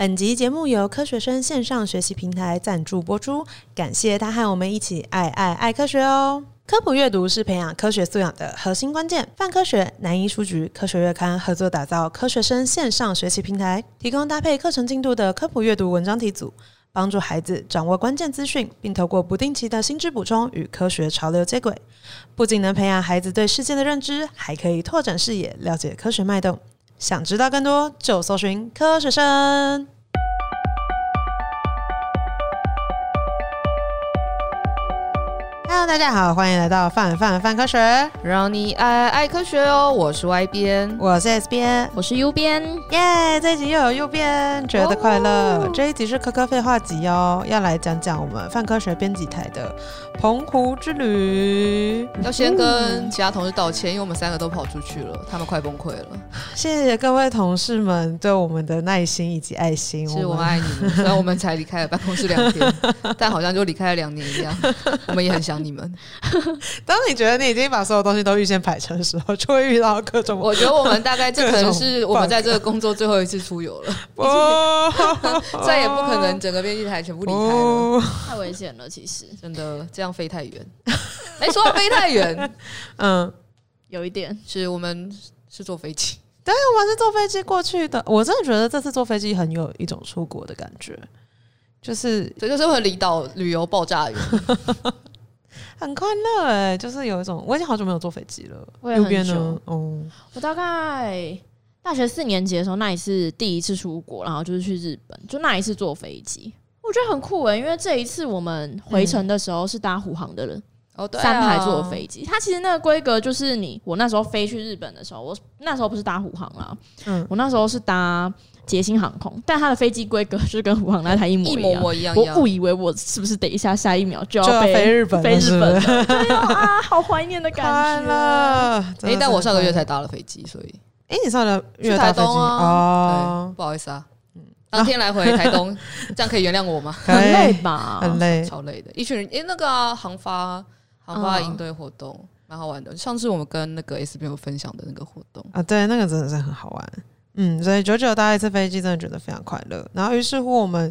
本集節目由科學生線上學習平台贊助播出，感謝他和我們一起愛愛愛科學哦！科普閱讀是培養科學素養的核心關鍵。泛科學、南一書局、科學月刊合作打造科學生線上學習平台，提供搭配課程進度的科普閱讀文章題組，幫助孩子掌握關鍵資訊，並透過不定期的心智補充與科學潮流接軌，不僅能培養孩子對世界的認知，還可以拓展視野，了解科學脈動。想知道更多，就搜尋“科學生”。大家好，歡迎來到《泛泛泛科學》，讓你愛愛愛科學哦！我是 Y 編，我是 S 編，我是 U 編，耶、yeah！這一集又有 U 編覺得快樂。哦、這一集是科科廢話集哦，要來講講我們泛科學編輯台的澎湖之旅。要先跟其他同事道歉，因為我們三個都跑出去了，他們快崩潰了。謝謝各位同事們對我們的耐心以及愛心，其實我愛你 雖然我們才離開了辦公室兩天， 但好像就離開了兩年一樣，我們也很想你。 你們，當你覺得你已經把所有東西都預先擺成的時候，就會遇到各種。我覺得我們大概這可能是我們在這個工作最後一次出遊了、 哦，再 也不可能整個編輯台全部離開了，哦，太危險了。其實真的這樣飛太遠，沒錯，飛太遠 嗯，有一點是我們是坐飛機，對，我們是坐飛機過去的。我真的覺得這次坐飛機很有一種出國的感覺，就是這就是和離島旅遊爆炸 很快樂哎、欸，就是有一種，我已經好久沒有坐飛機了。我也很久、哦、我大概大學四年級的時候，那一次第一次出國，然後就是去日本，就那一次坐飛機，我覺得很酷哎、欸。因為這一次我們回程的時候是搭虎航的人、嗯、三排坐飛機、哦哦。它其實那個規格就是你，我那時候飛去日本的時候，我那時候不是搭虎航啦，嗯，我那時候是搭。捷星航空，但它的飛機規格是跟虎航那台一模一樣,一模模一樣,一樣我誤以為我是不是等一下下一秒就要,就要飛日本是是飛日本 啊！好懷念的感覺。哎、欸，但我上個月才搭了飛機，所以哎、欸，你上個月去台東啊、哦？不好意思啊，嗯，當天來回台東，哦、 這樣可以原諒我嗎？很累吧，很累，很超累的。一群人哎、欸，那個、啊、航發航發營隊活動蠻、啊、好玩的。上次我們跟那個 S B O 分享的那個活動啊，對，那個真的是很好玩。嗯，所以久久搭一次飛機真的覺得非常快樂。然後於是乎，我們，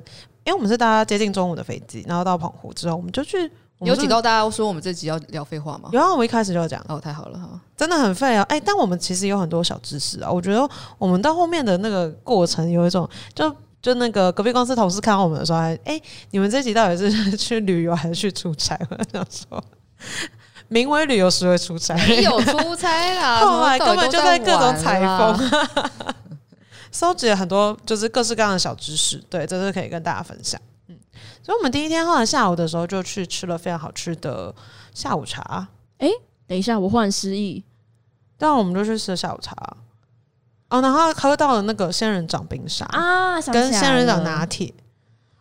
因、欸、為我們是搭接近中午的飛機，然後到澎湖之後，我們就去。就有警告大家，說我們這集要聊廢話嗎？有啊，我們一開始就要講。哦，太好了，好真的很廢啊！哎、欸，但我們其實有很多小知識啊。我覺得我們到後面的那個過程有一種，就就那個隔壁公司同事看到我們的時候，哎、欸，你們這集到底是去旅遊還是去出差？我想說，名為旅遊實為出差。沒有出差啦， 後來根本就在各種采風。 蒐集了很多，就是各式各樣的小知識，對，這是可以跟大家分享。嗯，所以我們第一天後來下午的時候就去吃了非常好吃的下午茶。哎、欸，等一下，我忽然失憶，但我們就去吃了下午茶。哦，然後喝到了那個仙人掌冰沙、啊、想想跟仙人掌拿鐵。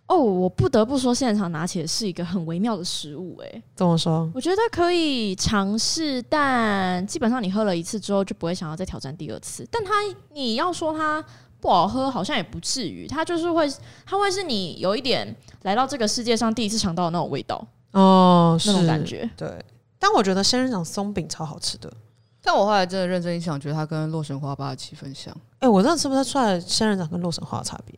哦、oh，我不得不說，仙人掌拿鐵是一個很微妙的食物，欸，哎，怎麼說？我覺得可以嘗試，但基本上你喝了一次之後，就不會想要再挑戰第二次。但它你要說它不好喝，好像也不至於，它就是會，它會是你有一點來到這個世界上第一次嘗到的那種味道哦，oh, 那種感覺，對。但我覺得仙人掌鬆餅超好吃的，但我後來真的認真一想，覺得它跟洛神花八的七分像。哎，欸，我上次吃不出來仙人掌跟洛神花的差別？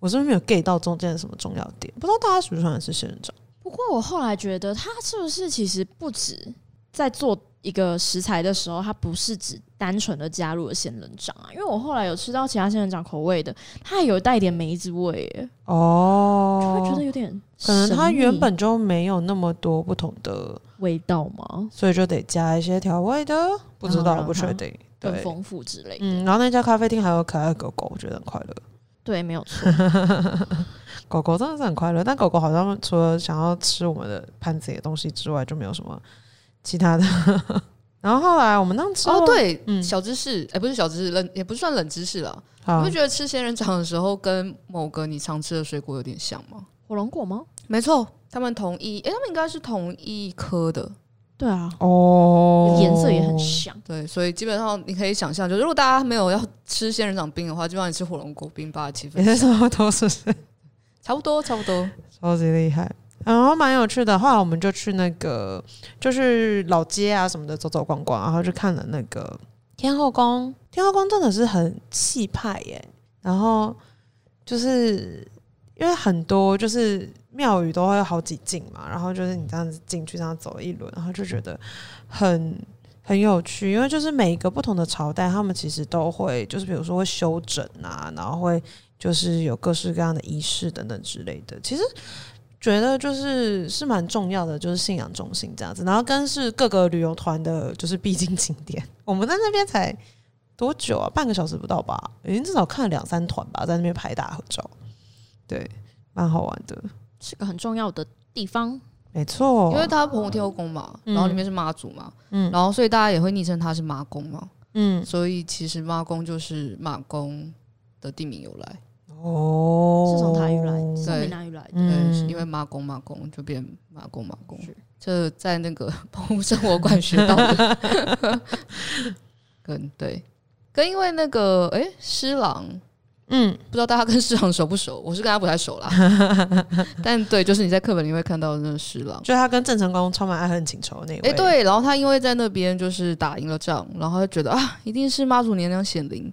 我是不是沒有 get 到中間什麼重要點？不知道大家喜不喜歡吃仙人掌。不過我後來覺得它是不是其實不止在做一個食材的時候，它不是只單純的加入了仙人掌啊，因為我後來有吃到其他仙人掌口味的，它有帶一點梅子味耶。哦，我會覺得有點可能它原本就沒有那麼多不同的味道嘛，所以就得加一些調味的、嗯。不知道，嗯、不確定，更豐富之類的。嗯，然後那家咖啡廳還有可愛的狗狗，我覺得很快樂。對，沒有錯。 狗狗真的是很快樂，但狗狗好像除了想要吃我們的盤子裡的東西之外，就沒有什麼其他的。 然後後來我們當時哦，對，嗯，小芝士，哎、欸，不是小芝士，冷也不算冷知識了。你不覺得吃仙人掌的時候跟某個你常吃的水果有點像嗎？火龍果嗎？沒錯，它們同一，欸、他它們應該是同一科的。對啊，哦，顏色也很像，對，所以基本上你可以想象就如果大家沒有要吃仙人掌冰的話，基本上你吃火龍果冰吧，七分差不多是不是，差不多，差不多，超級厲害，然後蠻有趣的，後來我們就去那個，就是老街啊什麼的走走逛逛，然後就看了那個天後宮，天後宮真的是很氣派耶，欸，然後就是。因為很多就是廟宇都會有好幾進嘛，然後就是你這樣子進去，這樣走了一輪，然後就覺得很很有趣。因為就是每一個不同的朝代，他們其實都會就是比如說會修整啊，然後會就是有各式各樣的儀式等等之類的。其實覺得就是是蠻重要的，就是信仰中心這樣子。然後更是各個旅遊團的就是必經景點。我們在那邊才多久啊？半個小時不到吧？已經至少看了兩三團吧，在那邊拍大合照。對，蠻好玩的，是個很重要的地方。沒錯，因為他澎湖天後宮嘛、嗯，然後裡面是媽祖嘛，嗯，然後所以大家也會昵稱它是媽宮嘛，嗯，所以其實媽宮就是馬公的地名由來哦，是從台語來，從閩南語來的，嗯，是因為媽宮媽宮就變馬公馬公，就在那個澎湖生活館學到的 跟，跟對，跟因為那個哎，施、欸、琅。嗯，不知道大家跟施琅熟不熟？我是跟他不太熟啦。 但對，就是你在課本裡面會看到的那個施琅，就他跟鄭成功充滿愛恨情仇那種。哎、欸，對，然後他因為在那邊就是打贏了仗，然後他就覺得啊，一定是媽祖娘娘顯靈，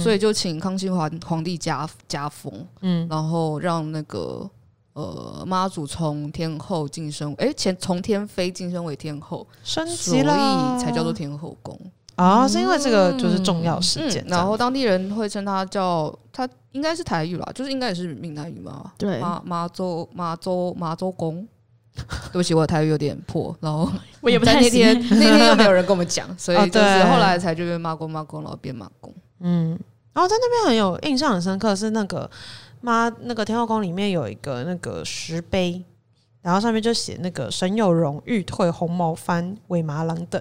所以就請康熙皇皇帝加加封，嗯，然後讓那個呃媽祖從天后晉升，哎、欸，從從天妃晉升為天後，升級了，所以才叫做天後宮。啊、oh, 嗯，是因為這個就是重要事件、嗯嗯，然後當地人會稱它叫它應該是台語吧，就是應該也是閩南語嘛，對，媽媽州媽州媽州公， 對不起，我台語有點破，然後我也不太聽，那天, 那天又沒有人跟我們講，所以就是後來才就媽公媽公，然後變媽公、哦，嗯，然後在那邊很有印象很深刻是那個媽那個天後宮裡面有一個那個石碑，然後上面就寫那個沈有容欲退紅毛番尾麻郎等。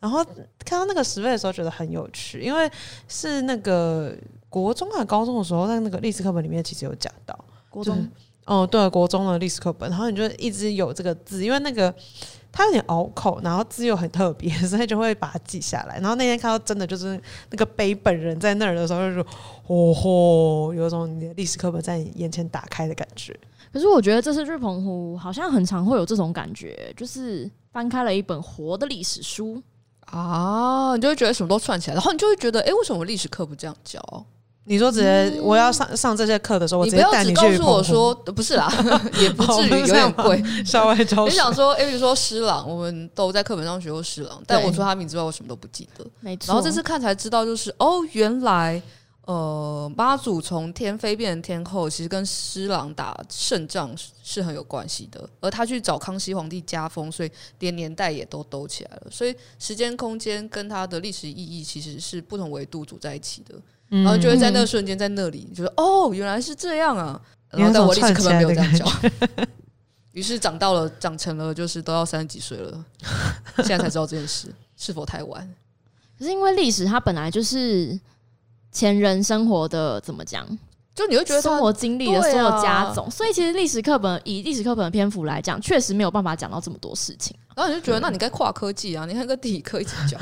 然後看到那個石碑的時候，覺得很有趣，因為是那個國中啊高中的時候，在那個歷史課本裡面其實有講到國中、就是、哦，對，國中的歷史課本，然後你就一直有這個字，因為那個它有點拗口，然後字又很特別，所以就會把它記下來。然後那天看到真的就是那個碑本人在那兒的時候，就說哦吼，有種你的歷史課本在你眼前打開的感覺。可是我覺得這次去澎湖，好像很常會有這種感覺，就是翻開了一本活的歷史書。啊，你就會覺得什麼都串起來，然後你就會覺得，哎、欸，為什麼歷史課不這樣教啊？你說直接，嗯、我要上上這些課的時候，我直接帶你去蓬蓬。你不要只告訴我說，不是啦， 也不至於， 有點貴，微、哦、外教。你想說，哎、欸，比如說施琅，我們都在課本上學過施琅，但我說他名字吧，我什麼都不記得。然後這次看才知道，就是哦，原來。呃，媽祖從天妃變成天後，其實跟施琅打勝仗是很有關係的。而他去找康熙皇帝加封，所以連年代也都兜起來了。所以時間、空間跟他的歷史意義其實是不同維度組在一起的。然後就會在那個瞬間在那裡，就說：“哦，原來是這樣啊！”然後但我歷史課本沒有這樣講。於是長到了，長成了，就是都要三十幾歲了，現在才知道這件事是否太晚。可是因為歷史，它本來就是。前人生活的怎麼講？就你會覺得生活經歷的所有加總，啊，所以其實歷史課本以歷史課本的篇幅來講，確實沒有辦法講到這麼多事情。然後你就覺得，那你該跨科技啊！你那個地理課一起教，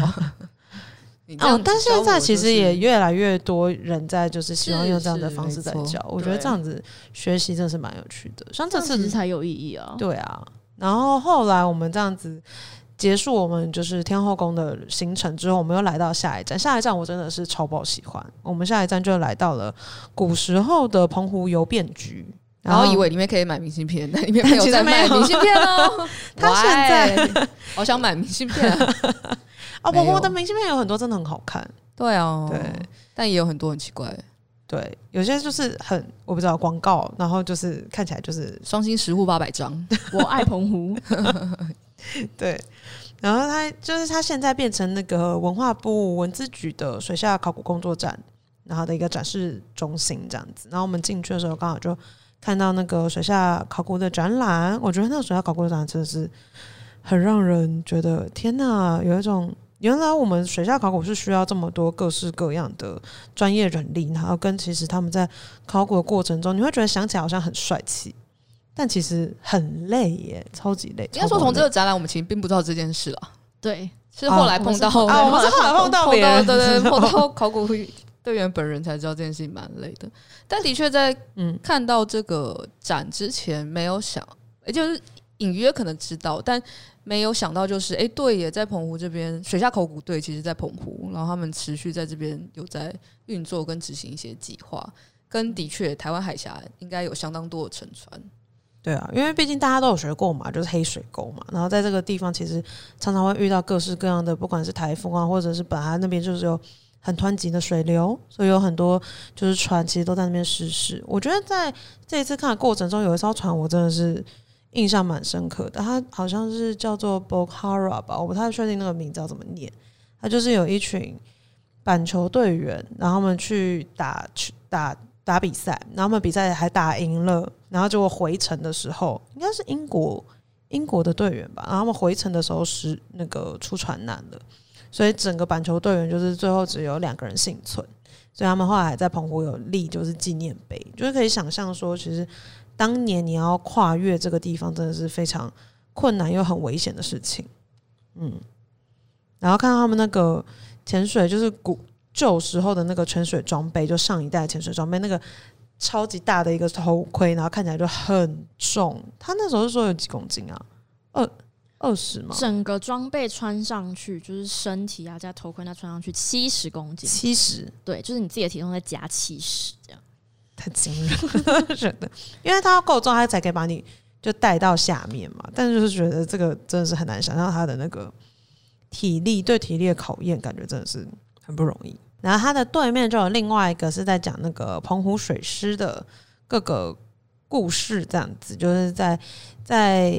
你教，就是哦，但是現在其實也越來越多人在，就是希望用這樣的方式在教。我覺得這樣子學習真的是蠻有趣的，像這次才有意義啊。對啊，然後後來我們這樣子。結束我們就是天後宮的行程之後，我們又來到下一站。下一站我真的是超不喜歡。我們下一站就來到了古時候的澎湖郵便局，然後、哦、以為裡面可以買明信片，但裡面沒有在賣明信片哦。 現在好 想買明信片啊！不、 哦、我的明信片有很多，真的很好看。對啊、哦，對，但也有很多很奇怪。對，有些就是很我不知道廣告，然後就是看起來就是雙心石滬八百張，我愛澎湖。 對，然後他就是他現在變成那個文化部文資局的水下考古工作站，然後的一個展示中心這樣子。然後我們進去的時候，剛好就看到那個水下考古的展覽。我覺得那個水下考古的展覽真的是很讓人覺得天哪，有一種原來我們水下考古是需要這麼多各式各樣的專業人力，然後跟其實他們在考古的過程中，你會覺得想起來好像很帥氣。但其實很累耶，超級累。應該說，從這個展覽，我們其實並不知道這件事了。對，是後來碰到，後啊，後來碰到後來啊，我們是後來碰到別人，對對，對，哦、碰到考古隊員本人才知道這件事蠻累的。但的確，在嗯看到這個展之前，沒有想，也、嗯欸、就是隱約可能知道，但沒有想到就是哎，欸、對耶，也在澎湖這邊水下考古隊，其實在澎湖，然後他們持續在這邊有在運作跟執行一些計劃，跟的確台灣海峽應該有相當多的沉船。對啊，因為畢竟大家都有學過嘛，就是黑水溝嘛。然後在這個地方，其實常常會遇到各式各樣的，不管是颱風啊，或者是本來那邊就是有很湍急的水流，所以有很多就是船其實都在那邊失事。我覺得在這一次看的過程中，有一艘船我真的是印象蠻深刻的，它好像是叫做 Bokhara 吧，我不太確定那個名字要怎麼念。它就是有一群板球隊員，然後他們去打去打，打比賽，然後他們比賽還打贏了，然後結果回程的時候，應該是英國英國的隊員吧。然後他們回程的時候是那個出船難了，所以整個板球隊員就是最後只有兩個人倖存。所以他們後來還在澎湖有立就是紀念碑，就是可以想象說，其實當年你要跨越這個地方真的是非常困難又很危險的事情。嗯，然後看到他們那個潛水就是古。舊時候的那個潛水裝備，就上一代的潛水裝備，那個超級大的一個頭盔，然後看起來就很重。他那時候是說有幾公斤啊？二二十嗎？整個裝備穿上去就是身體啊加頭盔，那穿上去七十公斤，七十？對，就是你自己的體重再加七十，這樣太驚人了，真的。因為他要夠重，他才可以把你就帶到下面嘛。但是就是覺得這個真的是很難想象他的那個體力，對體力的考驗，感覺真的是很不容易。然後它的對面就有另外一個是在講那個澎湖水師的各個故事，這樣子，就是在在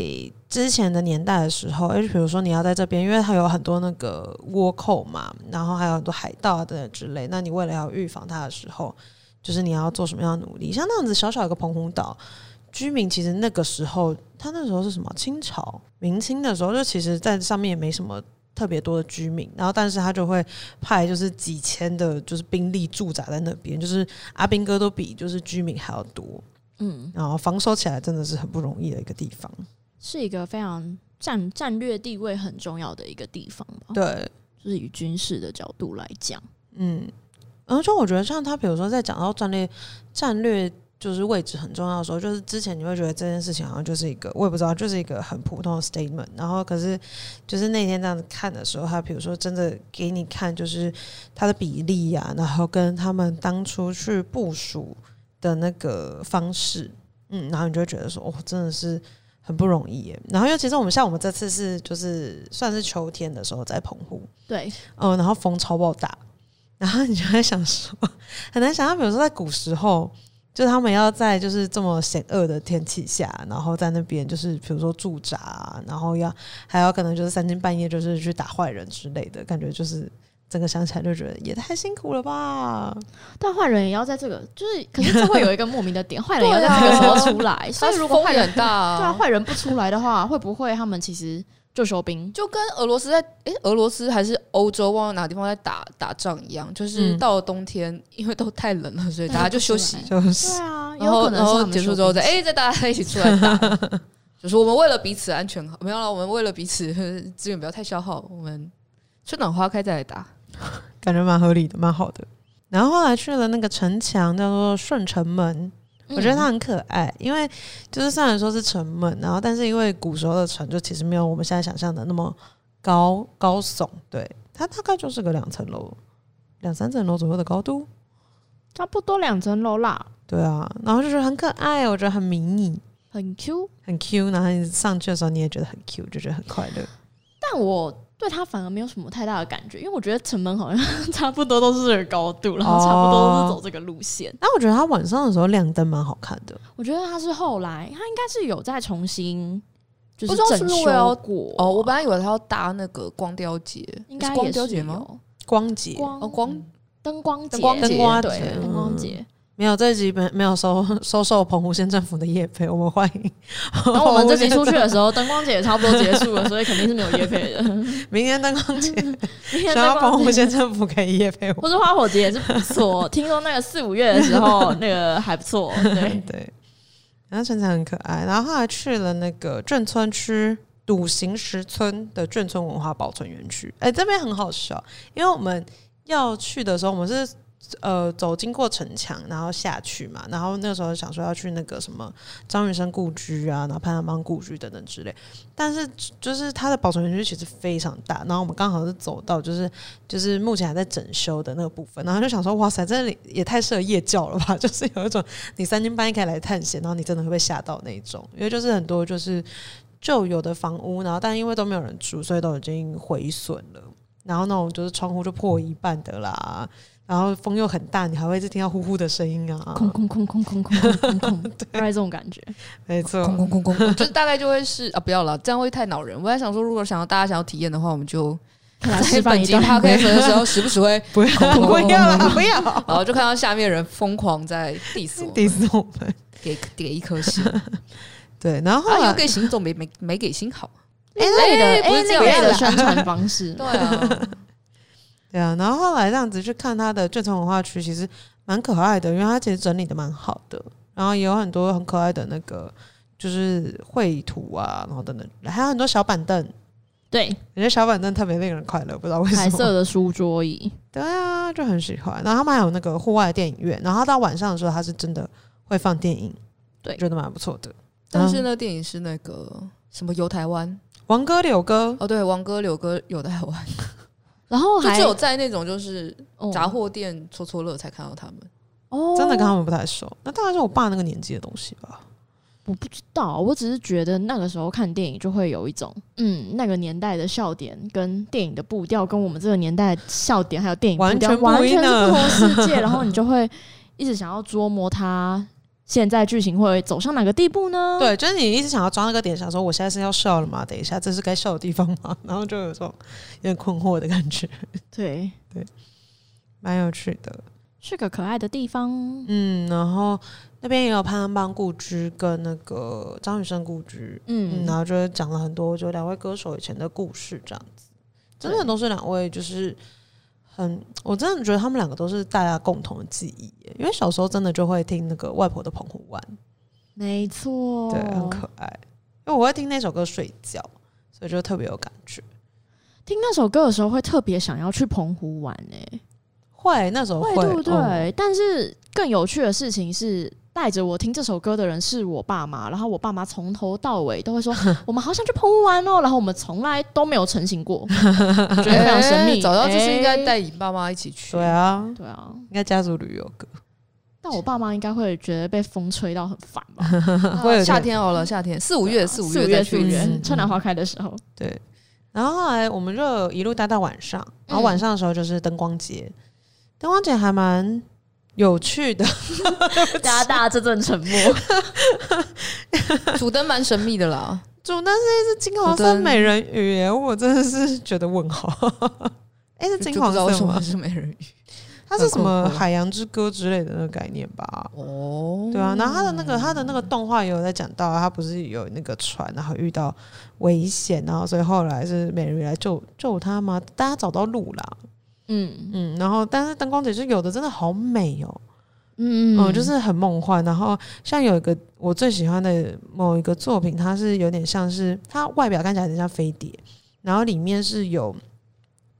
之前的年代的時候，就比如說你要在這邊，因為它有很多那個倭寇嘛，然後還有很多海盜啊等等之類，那你為了要預防他的時候，就是你要做什麼樣的努力？像那樣子小小一個澎湖島居民，其實那個時候他那時候是什麼？清朝、明清的時候，就其實在上面也沒什麼。特別多的居民，然後但是他就會派就是幾千的，就是兵力駐紮在那邊，就是阿兵哥都比就是居民還要多，嗯，然後防守起來真的是很不容易的一個地方，是一個非常戰戰略地位很重要的一個地方吧？對，就是以軍事的角度來講，嗯，而且我覺得像他比如說在講到戰略戰略。就是位置很重要的時候，就是之前你會覺得這件事情好像就是一個我也不知道，就是一個很普通的 statement。然後可是就是那天這樣子看的時候，他比如說真的給你看，就是他的比例呀、啊，然後跟他們當初去部署的那個方式，嗯，然後你就會覺得說，哦，真的是很不容易耶。然後尤其是我們像我們這次是就是算是秋天的時候在澎湖，對，哦，然後風超爆大，然後你就會想說，很難想象，比如說在古時候。就是他們要在就是這麼險惡的天氣下，然後在那邊就是比如說駐紮，然後要還有可能就是三更半夜就是去打壞人之類的感覺，就是整個想起來就覺得也太辛苦了吧。但壞人也要在這個，就是可能就會有一個莫名的點，壞 人也要在這個說出來、啊。所以如果壞人到， 對啊，壞人不出來的話，會不會他們其實？就收兵，就跟俄羅斯在誒、欸，俄羅斯還是歐洲，忘了哪個地方在打打仗一樣，就是到了冬天、嗯，因為都太冷了，所以大家就休息。休息、就是。對啊，然後然後結束之後再哎、欸，再大家一起出來打， 就是我們為了彼此安全，沒有了，我們為了彼此資源不要太消耗，我們春暖花開再來打，感覺蠻合理的，蠻好的。然後後來去了那個城牆，叫做順城門。我覺得它很可愛，因為就是雖然說是沉船，然後但是因為古時候的船就其實沒有我們現在想象的那麼高高聳，對，它大概就是個兩層樓、兩三層樓左右的高度，差不多兩層樓啦。對啊，然後就是很可愛，我覺得很迷你，很 Q，很 Q，然後你上去的時候你也覺得很 Q，就覺得很快樂。但我對他反而沒有什麼太大的感覺，因為我覺得城門好像差不多都是這個高度，然後差不多都是走這個路線。哦、但我覺得他晚上的時候亮燈蠻好看的。我覺得他是後來，他應該是有在重新，就是整修過、啊不知道是不是要。哦，我本來以為他要搭那個光雕節，應該也是，有是光雕節嗎？光節、光燈、哦、光節、燈、嗯、光，光，光對燈、嗯、燈光節。沒有，這集沒沒有收收受澎湖縣政府的業配，我們歡迎。然後我們這集出去的時候， 燈光節也差不多結束了，所以肯定是沒有業配的。明天燈光節，明天想要澎湖縣政府給業配我或者花火節也是不錯， 聽說那個四五月的時候， 那個還不錯。對 對，然後真的很可愛，然後還去了那個眷村區篤行十村的眷村文化保存園區。哎，這邊很好笑，因為我們要去的時候，我們是。呃，走經過城牆，然後下去嘛。然後那個時候想說要去那個什麼張雨生故居啊，然後潘安邦故居等等之類。但是就是它的保存率其實非常大。然後我們剛好是走到就是就是目前還在整修的那個部分。然後就想說，哇塞，這裡也太適合夜教了吧！就是有一種你三更半夜可以來探險，然後你真的會被嚇到那種。因為就是很多就是舊有的房屋，然後但因為都沒有人住，所以都已經毀損了。然後那種就是窗戶就破一半的啦。然後風又很大，你還會一直聽到呼呼的聲音啊，空空空空空空空空 ，大概這種感覺，沒錯，空空空空，就大概就會是啊，不要了，這樣會太惱人。我在想說，如果想要大家想要體驗的話，我們就釋放一些趴 K 的時候，時不時會 不要空空空空空不要不要，然後就看到下面的人瘋狂在 dis 我 dis 我們給給一顆心 對，然後、後、啊、又給星總比沒沒沒給星好，一、欸、類的、欸、不是一類的宣傳方式，對啊。對啊，然後後來這樣子去看他的最常文化區，其實蠻可愛的，因為他其實整理得蠻好的，然後也有很多很可愛的那個就是繪圖啊，然後等等，還有很多小板凳，對，有些小板凳特別令人快樂，不知道為什麼。白色的書桌椅，對啊，就很喜歡。然後他們還有那個戶外電影院，然後到晚上的時候，他是真的會放電影，對，覺得蠻不錯的。但是那、嗯、電影是那個什麼遊台灣，王哥柳哥，哦對，王哥柳哥遊台灣。然後還就只有在那種就是雜貨店戳戳樂才看到他們，哦，真的跟他們不太熟。那當然是我爸那個年紀的東西吧。我不知道，我只是覺得那個時候看電影就會有一種，嗯，那個年代的笑點跟電影的步調，跟我們這個年代的笑點還有電影完全完全是不同世界，然後你就會一直想要捉摸它。現在劇情會走上哪個地步呢？對，就是你一直想要抓那個點，想說我現在是要笑了嗎？等一下，這是該笑的地方嗎？然後就有這種有點困惑的感覺對。對對，蠻有趣的，是個可愛的地方。嗯，然後那邊也有潘安邦故居跟那個張雨生故居。嗯,嗯,嗯，然後就講了很多，就兩位歌手以前的故事這樣子，真的都是兩位就是。嗯，我真的覺得他們兩個都是大家共同的記憶，因為小時候真的就會聽那個外婆的澎湖灣，沒錯，對，很可愛。因為我會聽那首歌睡覺，所以就特別有感覺。聽那首歌的時候，會特別想要去澎湖玩呢？會，那時候會，會，對不對？嗯，但是更有趣的事情是。帶着我聽這首歌的人是我爸媽，然後我爸媽從頭到尾都會說：“ 我們好想去澎湖玩哦。”然後我們從來都沒有成行過， 覺得非常神秘。欸、早知道就是應該帶你爸媽一起去、欸。對啊，對啊，應該家族旅遊，但我爸媽應該會覺得被風吹到很煩吧？會、 啊、夏天哦了，夏天四五月，四五、啊、月再去，四五月再去嗯嗯嗯、春暖花開的時候。對，然後後來我們就一路待到晚上，然後晚上的時候就是燈光節，嗯、燈光節還蠻。有趣的 加大，大這陣沉默 。主燈蠻神秘的啦，主燈是一隻金黃色美人魚，我真的是覺得問號。哎，是金黃色嗎？是美人魚，它是什麼海洋之歌之類的那個概念吧？哦，對啊。然後它的那個它的那個動畫也有在講到，它不是有那個船，然後遇到危險，然後所以後來是美人魚來救救它嗎？大家找到路啦。嗯嗯，然後但是燈光節，就有的真的好美哦，嗯嗯、嗯、嗯，就是很夢幻。然後像有一個我最喜歡的某一個作品，它是有點像是，它外表看起來很像飛碟，然後裡面是有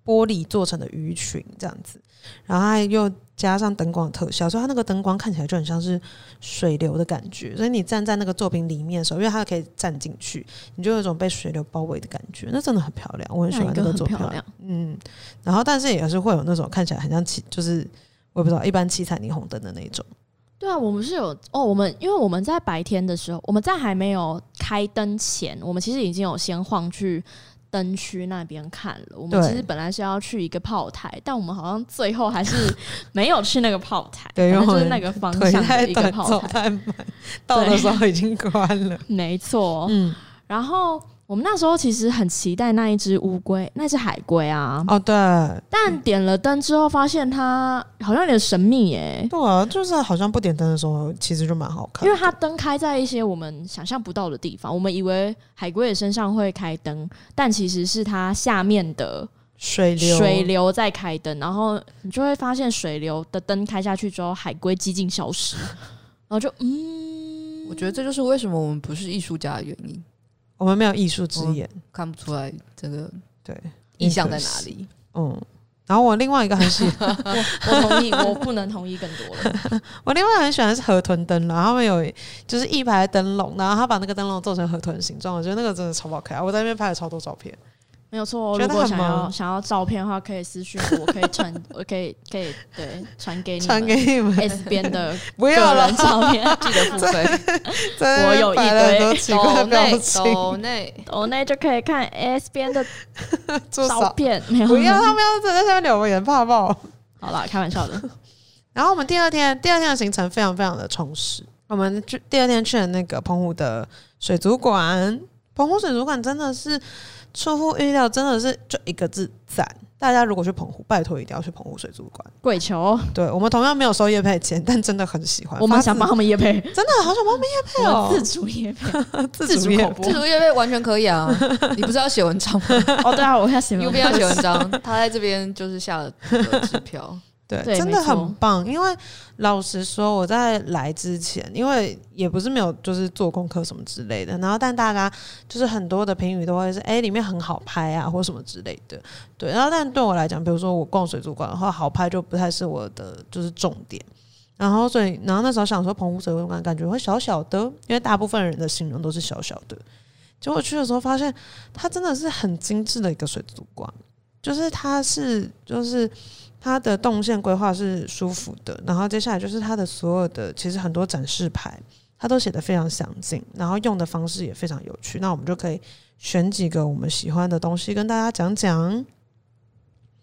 玻璃做成的魚群這樣子，然後它又加上燈光的特效，所以它那個燈光看起來就很像是水流的感覺。所以你站在那個作品裡面的時候，因為它可以站進去，你就有一種被水流包圍的感覺，那真的很漂亮，我很喜歡那座漂、漂亮。嗯，然後但是也是會有那種看起來很像七，就是我也不知道一般七彩霓虹燈的那種。對啊，我們是有哦，我們因為我們在白天的時候，我們在還沒有開燈前，我們其實已經有先晃去。燈區那邊看了，我們其實本來是要去一個炮台，但我們好像最後還是沒有去那個炮台，然 後就是那個方向的一個炮台，到的時候已經關了。沒錯，嗯，然後。我們那時候其實很期待那一隻烏龜，那一隻海龜啊。哦、oh，對。但點了燈之後，發現它好像有點神秘耶、欸。對啊，就是好像不點燈的時候，其實就蠻好看。因為它燈開在一些我們想象不到的地方。我們以為海龜的身上會開燈，但其實是它下面的水流水流在開燈，然後你就會發現水流的燈開下去之後，海龜幾近消失。然後就嗯。我覺得這就是為什麼我們不是藝術家的原因。我們沒有藝術之眼，看不出來這個對印象在哪裡。嗯，然後我另外一個很喜歡，我同意， 我不能同意更多了。 我另外很喜歡的是河豚燈，然後他們有就是一排燈籠，然後他把那個燈籠做成河豚的形狀，我覺得那個真的超好看啊，我在那邊拍了超多照片。沒有錯，如果想要想要照片的話，可以私訊我，我可以傳， 我可以可以對傳給你們，傳給你們 S 編的，不要個人照片，照片 記得付費。我有一堆。都內都內都內就可以看 S 編的做照片，沒有，不要他們要真的在上面留言，怕不好。好了，開玩笑的。 然後我們第二天第二天的行程非常非常的充實，我們去第二天去了那個澎湖的水族館，澎湖水族館真的是。出乎意料，真的是就一個字讚！大家如果去澎湖，拜託一定要去澎湖水族館。鬼球，對我們同樣沒有收業配錢，但真的很喜歡。我媽想幫他們業配，真的好想幫他們業配哦、喔！ 自主業配，自主業配自主完全可以啊！ 你不是要寫文章嗎？哦，對啊，我現在寫，又 必要寫文章。他在這邊就是下了支票 對，對，真的很棒，因為。老實說，我在來之前，因為也不是沒有，就是做功課什麼之類的。然後，但大家就是很多的評語都會是，誒、欸，裡面很好拍啊，或什麼之類的。對，然後但對我來講，比如說我逛水族館的話，然後好拍就不太是我的就是重點。然後所以，然後那時候想說，澎湖水族館感覺會小小的，因為大部分人的形容都是小小的。結果我去的時候發現，它真的是很精緻的一個水族館，就是它是就是。它的動線規劃是舒服的，然後接下來就是它的所有的，其實很多展示牌它都寫得非常詳盡，然後用的方式也非常有趣。那我們就可以選幾個我們喜歡的東西跟大家講講。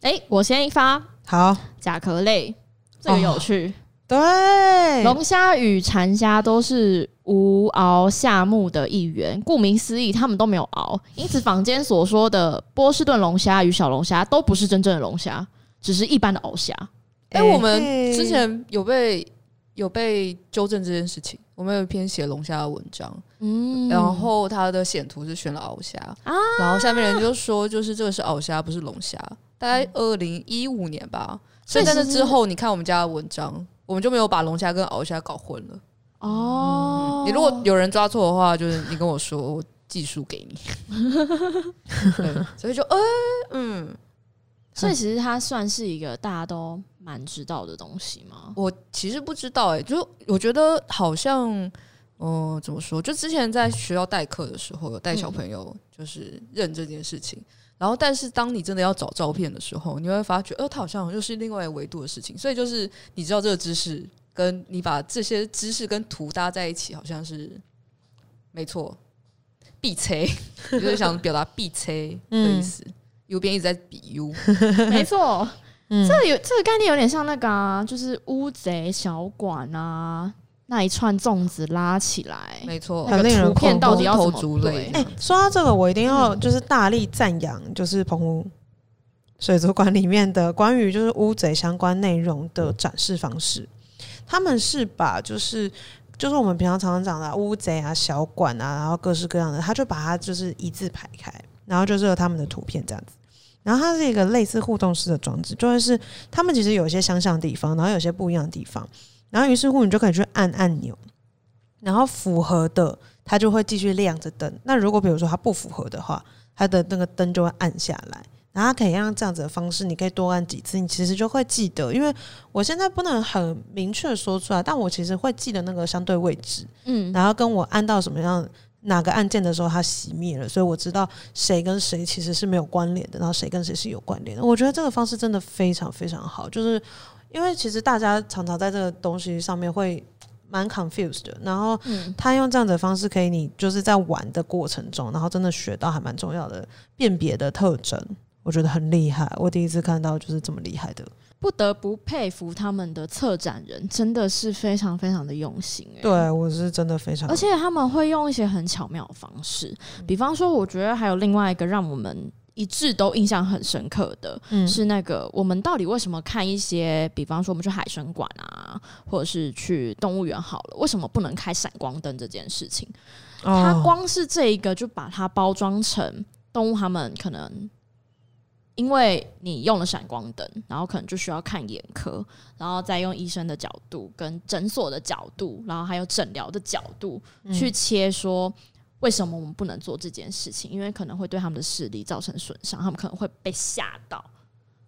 哎、欸，我先一發。好，甲殼類最有，有趣。哦、對，龍蝦與蟬蝦都是無螯下目的一員。顧名思義，他們都沒有螯，因此坊間所說的波士頓龍蝦與小龍蝦都不是真正的龍蝦。只是一般的鰲蝦，哎、欸，我們之前有被有被糾正這件事情。我們有一篇寫龍蝦的文章，嗯，然後它的顯圖是選了鰲蝦啊，然後下面人就說，就是這個是鰲蝦，不是龍蝦。大概二零一五年吧、嗯，所以但是之後你看我們家的文章，我們就沒有把龍蝦跟鰲蝦搞混了。哦，你、嗯、如果有人抓錯的話，就是你跟我說，我寄書給你。 所以就哎、欸、嗯。所以其實它算是一個大家都蠻知道的東西嗎？嗯、我其實不知道哎、欸，就我覺得好像，哦、呃，怎麼說？就之前在學校代課的時候，有帶小朋友就是認這件事情。嗯、然後，但是當你真的要找照片的時候，你會發覺，哦、呃，它好像又是另外一個維度的事情。所以就是，你知道這個知識，跟你把這些知識跟圖搭在一起，好像是沒錯，必猜， 就是想表達必猜的意思。嗯右邊一直在比 u，沒錯、嗯，這有這個概念有點像那個、啊，就是烏賊小管啊，那一串粽子拉起來，沒錯，那個圖片到底要投足對。哎、嗯欸，說到這個，我一定要就是大力讚揚，就是澎湖水族館裡面的關於就是烏賊相關內容的展示方式，他們是把就是就是我們平常常常講的烏賊啊、小管啊，然後各式各樣的，他就把它就是一字排開，然後就是有他們的圖片這樣子。然後它是一個類似互動式的裝置，就會是他們其實有一些相像的地方，然後有些不一樣的地方。然後於是乎，你就可以去按按鈕，然後符合的它就會繼續亮着燈。那如果比如說它不符合的話，它的那個燈就會暗下來。然後它可以讓這樣子的方式，你可以多按幾次，你其實就會記得。因為我現在不能很明確的說出來，但我其實會記得那個相對位置，嗯，然後跟我按到什麼樣。哪個按鍵的時候它熄滅了，所以我知道誰跟誰其實是沒有關聯的，然後誰跟誰是有關聯的。我覺得這個方式真的非常非常好，就是因為其實大家常常在這個東西上面會蠻 confused 的，然後他用這樣的方式可以，你就是在玩的過程中，然後真的學到還蠻重要的辨別的特徵，我覺得很厲害。我第一次看到就是這麼厲害的。不得不佩服他們的策展人，真的是非常非常的用心。對，我是真的非常。而且他們會用一些很巧妙的方式，比方說，我覺得還有另外一個讓我們一致都印象很深刻的是那個，我們到底為什麼看一些，比方說我們去海生館啊，或者是去動物園好了，為什麼不能開閃光燈這件事情？他光是這一個就把它包裝成動物，他們可能。因為你用了閃光燈，然後可能就需要看眼科，然後再用醫生的角度、跟診所的角度，然後還有診療的角度、嗯、去切說為什麼我們不能做這件事情，因為可能會對他們的視力造成損傷，他們可能會被嚇到。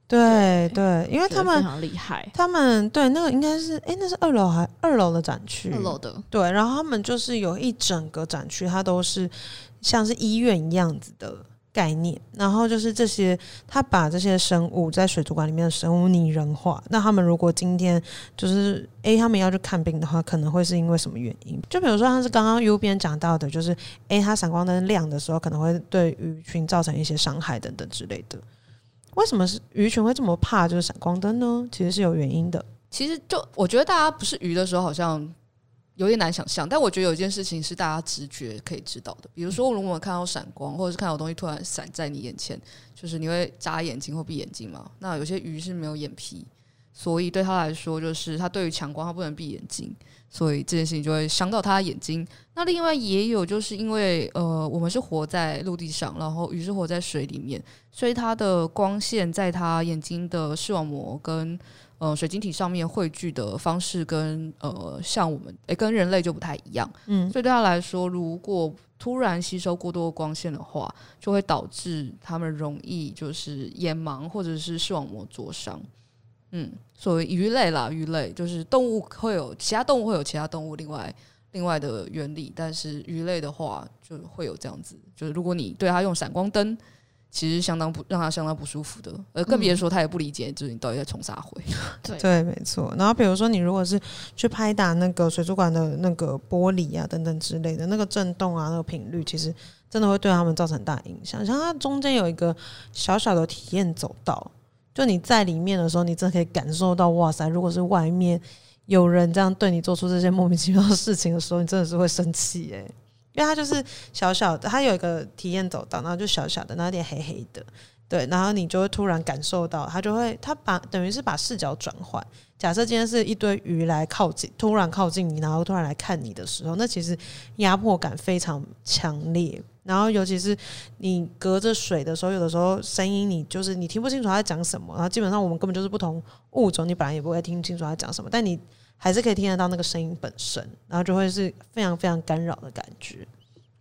對對,對，因為他們非常厲害，他們對那個應該是誒、欸，那是二樓還二樓的展區，二樓的對，然後他們就是有一整個展區，它都是像是醫院一樣子的。概念，然後就是這些，他把這些生物在水族館裡面的生物擬人化。那他們如果今天就是欸，他們要去看病的話，可能會是因為什麼原因？就比如說他是剛剛右邊講到的，就是欸，他閃光燈亮的時候可能會對魚群造成一些傷害等等之類的。為什麼是魚群會這麼怕就是閃光燈呢？其實是有原因的。其實就我覺得大家不是魚的時候，好像。有點難想象，但我覺得有一件事情是大家直覺可以知道的。比如說，如果我們看到閃光，或者是看到有東西突然閃在你眼前，就是你會眨眼睛或閉眼睛嘛。那有些魚是沒有眼皮，所以對他來說，就是他對於強光，他不能閉眼睛，所以這件事情就會傷到他的眼睛。那另外也有，就是因為呃，我們是活在陸地上，然後魚是活在水裡面，所以它的光線在它眼睛的視網膜跟呃，水晶體上面匯聚的方式跟呃，像我們誒，跟人類就不太一樣。嗯，所以對他來說，如果突然吸收過多光線的話，就會導致他們容易就是眼盲或者是視網膜灼傷。嗯，所以魚類啦，魚類就是動物會有其他動物會有其他動物另外另外的原理，但是魚類的話就會有這樣子，就是如果你對它用閃光燈。其實相當不讓他相當不舒服的，而更別說他也不理解，就是你到底在衝啥毀，嗯。對，對，沒錯。然後比如說你如果是去拍打那個水族館的那個玻璃啊等等之類的，那個震動啊，那個頻率，其實真的會對他們造成很大影響。像它中間有一個小小的體驗走道，就你在裡面的時候，你真的可以感受到，哇塞！如果是外面有人這樣對你做出這些莫名其妙的事情的時候，你真的是會生氣誒。因為它就是小小的，它有一個體驗走道，然後就小小的，有點黑黑的，對，然後你就會突然感受到，它就會，它把等於是把視角轉換。假設今天是一堆魚來靠近，突然靠近你，然後突然來看你的時候，那其實壓迫感非常強烈。然後尤其是你隔着水的時候，有的時候聲音你就是你聽不清楚它在講什麼，然後基本上我們根本就是不同物種，你本來也不會聽清楚它講什麼，但你。還是可以聽得到那個聲音本身，然後就會是非常非常干擾的感覺。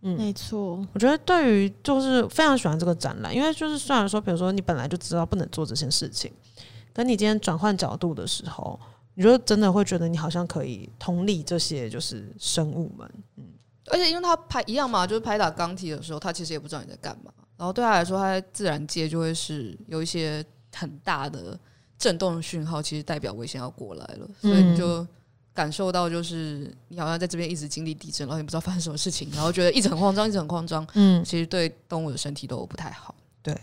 嗯，沒錯。我覺得對於就是非常喜歡這個展覽，因為就是雖然說，比如說你本來就知道不能做這件事情，但你今天轉換角度的時候，你就真的會覺得你好像可以同理這些就是生物們。嗯，而且因為他拍一樣嘛，就是拍打鋼鐵的時候，他其實也不知道你在幹嘛。然後對他來說，他在自然界就會是有一些很大的。震動的訊號其實代表危險要過來了，所以就感受到就是你好像在這邊一直經歷地震，然後也不知道發生什麼事情，然後覺得一直很慌張，一直很慌張。嗯，其實對動物的身體都不太好。對，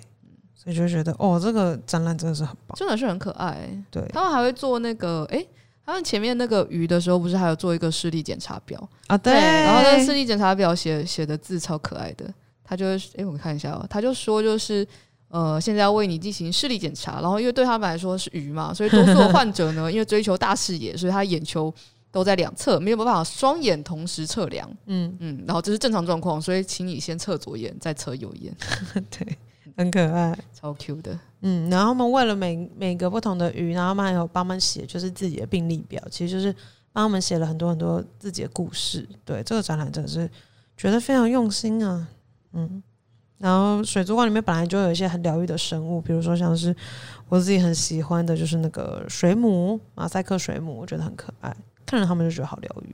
所以就覺得哦，這個展覽真的是很棒，真的是很可愛、欸。對他們還會做那個，哎、欸，他們前面那個魚的時候，不是還有做一個視力檢查表啊，對，然後那個視力檢查表寫寫的字超可愛的，他就會哎、欸，我看一下、喔，他就說就是。呃，現在要為你進行視力檢查，然後因為對他們來說是魚嘛，所以多數的患者呢， 因為追求大視野，所以他眼球都在兩側，沒有辦法雙眼同時測量。嗯嗯，然後這是正常狀況，所以請你先測左眼，再測右眼。 對，很可愛，超 Q 的。嗯，然後我們為了每每個不同的魚，然後他們還有幫忙寫，就是自己的病歷表，其實就是幫他們寫了很多很多自己的故事。對，這個展覽真的是覺得非常用心啊。嗯。然後水族館裡面本來就有一些很療癒的生物，比如說像是我自己很喜歡的，就是那個水母、馬賽克水母，我覺得很可愛，看着他們就覺得好療癒。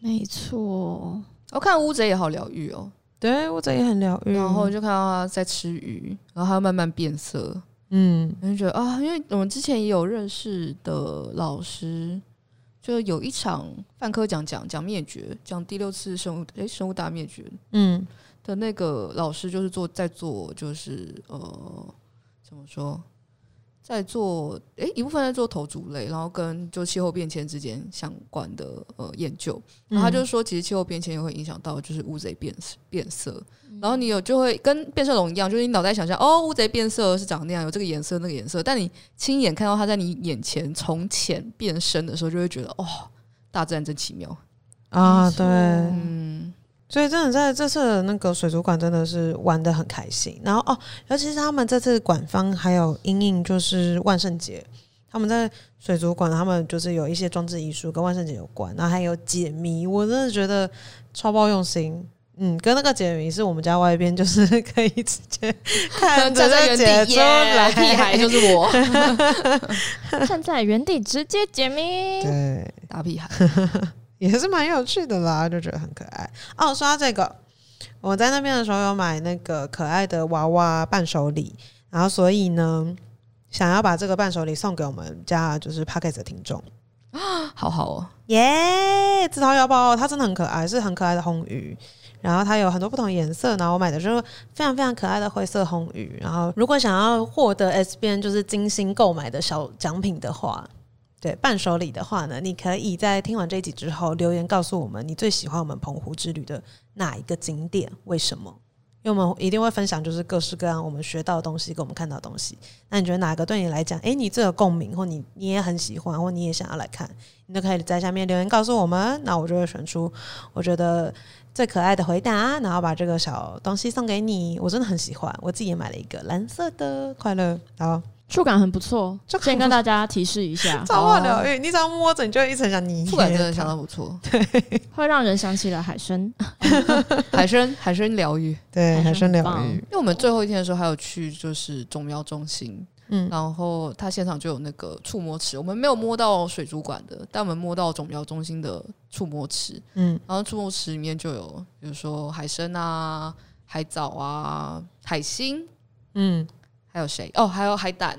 沒錯，我、哦、看烏賊也好療癒哦。對，烏賊也很療癒。然後就看到它在吃魚，然後它慢慢變色，嗯，我就覺得啊，因為我們之前也有認識的老師，就有一場泛科講講講滅絕，講第六次生物哎，生物大滅絕，嗯。的那個老師就是做，在做就是呃，怎麼說，在做誒、欸、一部分在做頭足類，然後跟就氣候變遷之間相關的呃研究。然後他就說，其實氣候變遷也會影響到就是烏賊變色變色，然後你有就會跟變色龍一樣，就是你腦袋想象哦烏賊變色是長的那樣，有這個顏色那個顏色，但你親眼看到它在你眼前從淺變深的時候，就會覺得哦，大自然真奇妙啊！對，嗯。所以真的在這次的那個水族館真的是玩得很開心，然後哦，尤其是他們這次館方還有因應就是萬聖節，他們在水族館他們就是有一些裝置藝術跟萬聖節有關，然後還有解謎，我真的覺得超爆用心，嗯，跟那個解謎是我們家外邊就是可以直接看站在原地 yeah, 來屁孩就是我， 站在原地直接解謎，對，大屁孩。 也是蠻有趣的啦，就覺得很可愛。哦，說到這個，我在那邊的時候有買那個可愛的娃娃伴手禮，然後所以呢，想要把這個伴手禮送給我們家就是 podcast 的聽眾啊，好好哦，耶、yeah!，自掏腰包，它真的很可愛，是很可愛的魟魚，然後它有很多不同顏色，然後我買的就是非常非常可愛的灰色魟魚。然後如果想要獲得 S 編就是精心購買的小獎品的話。對，伴手禮的話呢，你可以在聽完這一集之後留言告訴我們你最喜歡我們澎湖之旅的哪一個景點，為什麼？因為我們一定會分享，就是各式各樣我們學到的東西跟我們看到的東西。那你覺得哪個對你來講，哎，你最有共鳴，或你你也很喜歡，或你也想要來看，你都可以在下面留言告訴我們。那我就會選出我覺得最可愛的回答，然後把這個小東西送給你。我真的很喜歡，我自己也買了一個藍色的快樂，好。觸感很不錯，先跟大家提示一下。藻療癒，你只要摸着，你就一層想你。觸感真的相當不錯，對，會讓人想起了海參 ，海參，海參療癒，對，海參療癒。因為我們最後一天的時候還有去就是種苗中心，嗯，然後它現場就有那個觸摸池，我們沒有摸到水族館的，但我們摸到種苗中心的觸摸池，嗯，然後觸摸池裡面就有比如說海參啊、海藻啊、海星，嗯。還有誰？哦，還有海膽，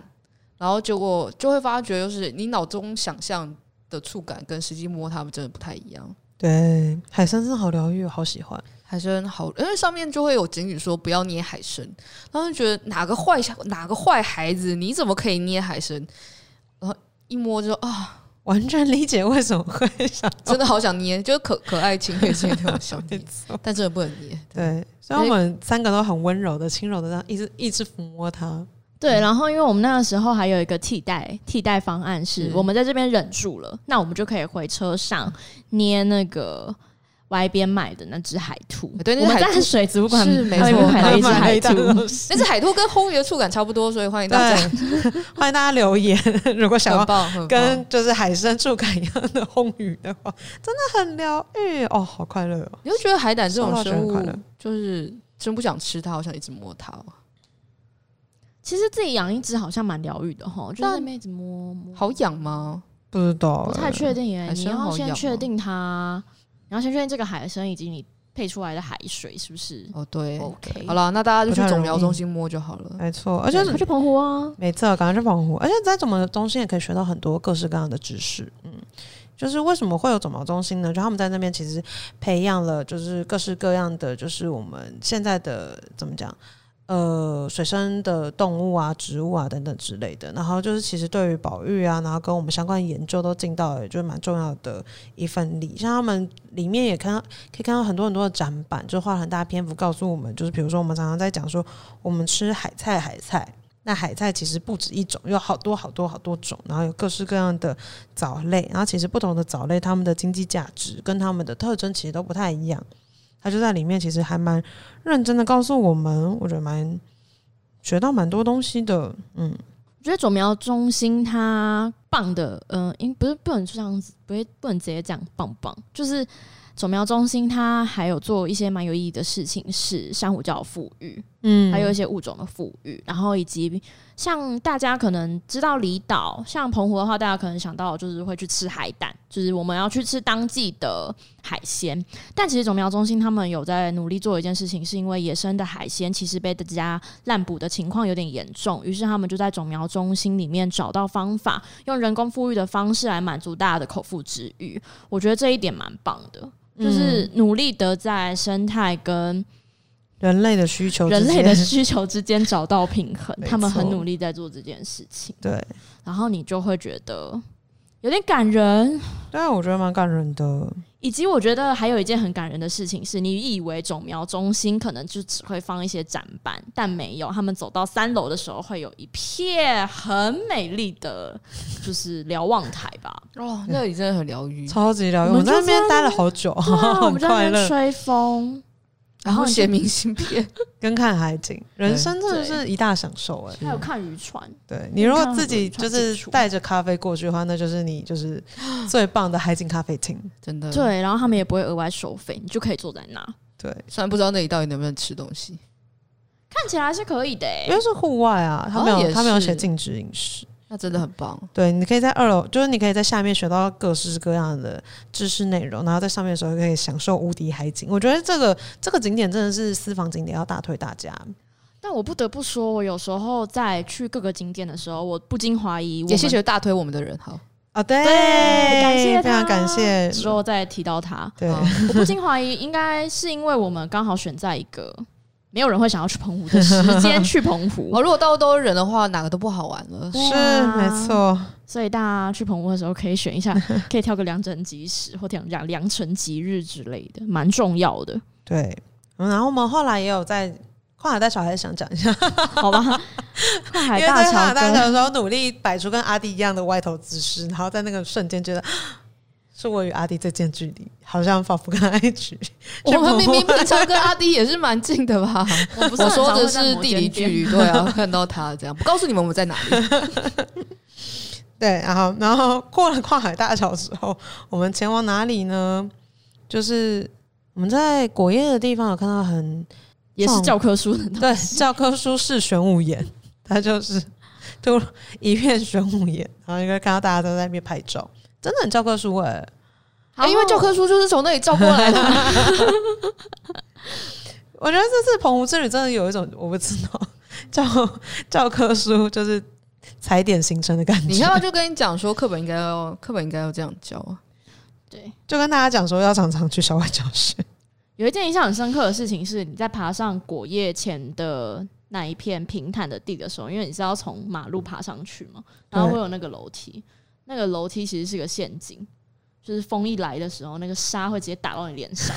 然後結果就會發覺，就是你腦中想象的觸感跟實際摸它們真的不太一樣。對，海參是好療癒，好喜歡海參，好，因為上面就會有警語說不要捏海參，然後就覺得哪個壞小，哪個壞孩子，你怎麼可以捏海參？然後一摸就啊。哦完全理解為什麼會想，真的好想捏， 就是可可愛、親切、線條小點子，但這個不能捏。對。對，所以我們三個都很溫柔的、輕柔的，這樣一直一直撫摸它。對，然後因為我們那個時候還有一個替代替代方案，是我們在這邊忍住了、嗯，那我們就可以回車上捏那個。外邊買的那隻海兔，對，那是淡水，是沒錯。海兔，是海海兔是那隻海兔跟魟魚的觸感差不多，所以歡迎大家歡迎大家留言。如果想要跟就是海參觸感一樣的魟魚的話，真的很療癒哦，好快樂哦。你就覺得海膽這種生物就是真不想吃它，好想一直摸它，哦。其實自己養一隻好像蠻療癒的哈，哦，就在，是，那邊一直摸摸，摸。好癢嗎？不知道，欸，不太確定耶好。你要先確定它。然後先確認這個海參以及你配出來的海水是不是？哦，對，OK，好了，那大家就去種苗中心摸就好了。沒錯，而且去澎湖啊，沒錯，趕快去澎湖。而且在種苗中心也可以學到很多各式各樣的知識。嗯，就是為什麼會有種苗中心呢？就他們在那邊其實培養了，就是各式各樣的，就是我們現在的怎麼講？呃，水生的動物啊、植物啊等等之類的，然後就是其實對於保育啊，然後跟我們相關的研究都盡到了，就是蠻重要的一份力。像他們裡面也看可以看到很多很多的展板，就畫很大篇幅告訴我們，就是比如說我們常常在講說，我們吃海菜海菜，那海菜其實不止一種，有好多好多好多種，然後有各式各樣的藻類，然後其實不同的藻類，它們的經濟價值跟它們的特徵其實都不太一樣。他就在裡面，其實還蠻認真的告訴我們，我覺得蠻學到蠻多東西的。嗯，我覺得種苗中心它棒的，嗯、呃，因不是不能就這樣子，不會不能直接講棒棒，就是種苗中心它還有做一些蠻有意義的事情，是珊瑚礁復育，嗯，還有一些物種的復育，然後以及。像大家可能知道離島，像澎湖的話，大家可能想到就是會去吃海膽，就是我們要去吃當季的海鮮。但其實種苗中心他們有在努力做一件事情，是因為野生的海鮮其實被大家濫捕的情況有點嚴重，於是他們就在種苗中心裡面找到方法，用人工復育的方式來滿足大家的口腹之欲。我覺得這一點蠻棒的，就是努力地在生態跟。人類的需求，人類的需求之間找到平衡，他們很努力在做這件事情。對，然後你就會覺得有點感人。對啊，我覺得蠻感人的。以及我覺得還有一件很感人的事情是，你以為種苗中心可能就只會放一些展板，但沒有，他們走到三樓的時候會有一片很美麗的，就是瞭望台吧。哦，那裡真的很療癒，超級療癒。我們在那邊待了好久，我們在那邊、 對啊、吹風。然後寫明信片， 跟看海景，人生真的是一大享受哎！還有看漁船，對，對你如果自己就是帶着咖啡過去的話，那就是你就是最棒的海景咖啡廳，真的對。然後他們也不會額外收費，你就可以坐在那。對，雖然不知道那裡到底能不能吃東西，看起來是可以的、欸，因為是戶外啊，他沒有、哦、也他沒有寫禁止飲食。那真的很棒，對，你可以在二樓，就是你可以在下面學到各式各樣的知識內容，然後在上面的時候可以享受無敵海景。我覺得這個這個景點真的是私房景點，要大推大家。但我不得不說，我有時候在去各個景點的時候，我不禁懷疑，也繼續大推我們的人哈啊、哦，對，感謝非常感謝，之後再提到他，對，嗯、我不禁懷疑， 應該是因為我們剛好選在一個。沒有人會想要去澎湖的時間 去澎湖哦。如果到都是人的話，哪個都不好玩了。是，沒錯。所以大家去澎湖的時候，可以選一下，可以挑個良辰吉時， 或者樣良辰吉日之類的，蠻重要的。對、嗯。然後我們後來也有在，跨海大橋小孩想講一下，好吧？因 為跨海大橋小的時候努力 擺出跟阿弟一樣的歪頭姿勢，然後在那個瞬間覺得。 是我與阿弟最近距離，好像仿佛跟他一起。我們明明平常跟阿弟也是蠻近的吧？ 我不是，我說的是地理距離，對啊，看到他這樣，不告訴你們我們在哪裡。 對，然後然後過了跨海大橋之後，我們前往哪裡呢？就是我們在菓葉的地方，有看到很也是教科書的東西，對，教科書式玄武岩，它就是就一片玄武岩，然後應該看到大家都在那邊拍照。真的很教科書哎、欸欸，因為教科書就是從那裡照過來的。 我覺得這次澎湖之旅真的有一種我不知道教教科書就是踩點行程的感覺。你要不要就跟你講說課本應該要課本應該要這樣教啊？對，就跟大家講說要常常去校外教學。有一件印象很深刻的事情是，你在爬上果葉前的那一片平坦的地的時候，因為你是要從馬路爬上去嘛，然後會有那個樓梯。那個樓梯其實是個陷阱，就是風一來的時候，那個沙會直接打到你臉上。